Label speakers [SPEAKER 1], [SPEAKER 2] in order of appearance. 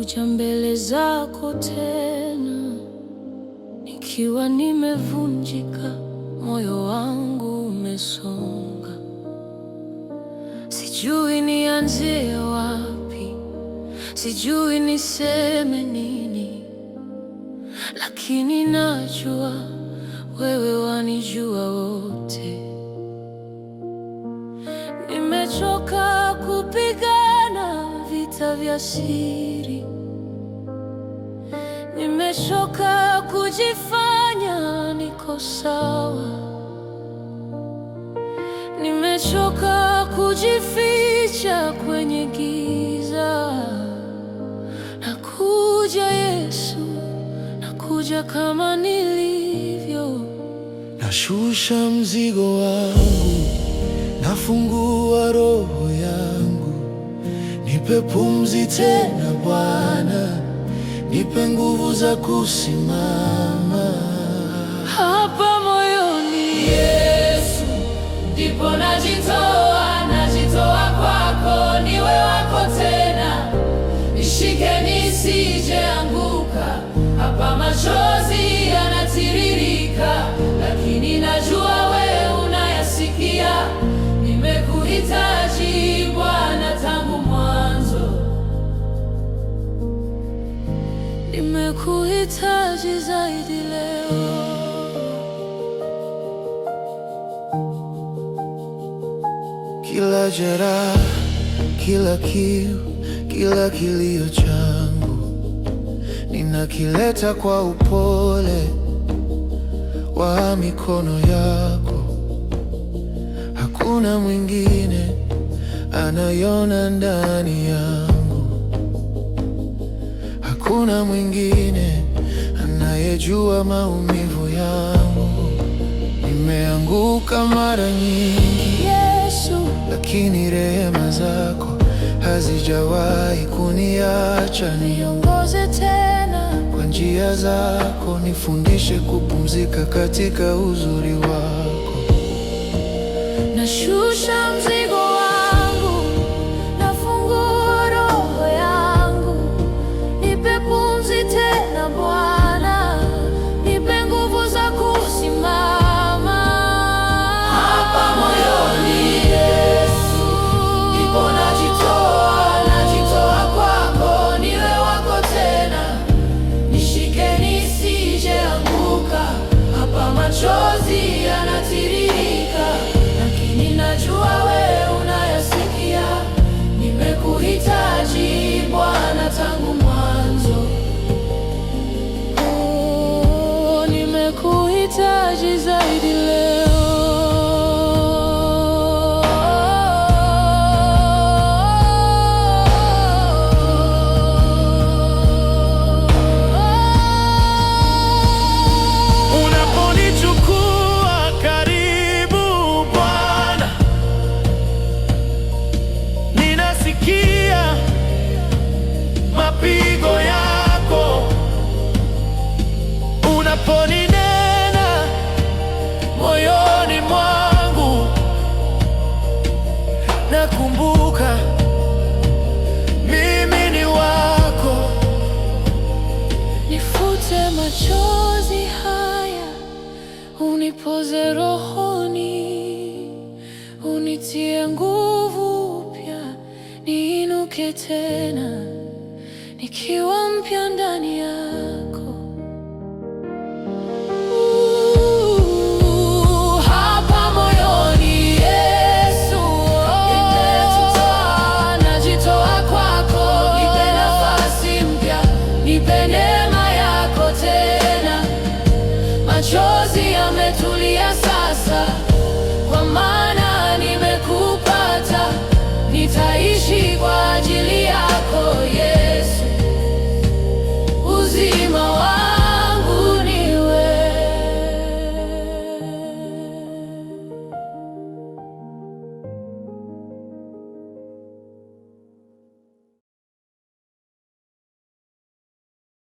[SPEAKER 1] kuja mbele zako tena nikiwa nimevunjika, moyo wangu umesonga, sijui nianzie wapi, sijui niseme nini, lakini najua wewe wanijua wote. vita vya siri. Nimechoka kujifanya niko sawa, nimechoka kujificha kwenye giza. Nakuja Yesu, nakuja kama nilivyo,
[SPEAKER 2] nashusha mzigo wangu, nafungua roho yangu Nipe pumzi tena Bwana, nipe nguvu za kusimama.
[SPEAKER 1] Hapa moyoni
[SPEAKER 3] Yesu, ndipo najitoa, najitoa kwako, niwe wako tena, nishike nisije anguka, hapa machozi
[SPEAKER 1] kuhitaji zaidi leo.
[SPEAKER 2] Kila jeraha, kila kiu, kila kilio changu ninakileta kwa upole wa mikono yako. Hakuna mwingine anayona ndani ya hakuna mwingine anayejua maumivu yangu. Nimeanguka mara nyingi
[SPEAKER 1] Yesu,
[SPEAKER 2] lakini rehema zako hazijawahi kuniacha.
[SPEAKER 1] Niongoze tena
[SPEAKER 2] kwa njia zako, nifundishe kupumzika katika uzuri wako.
[SPEAKER 1] Nashusha mzigo unipoze rohoni, unitie nguvu upya, niinuke tena nikiwa mpya ndani yako.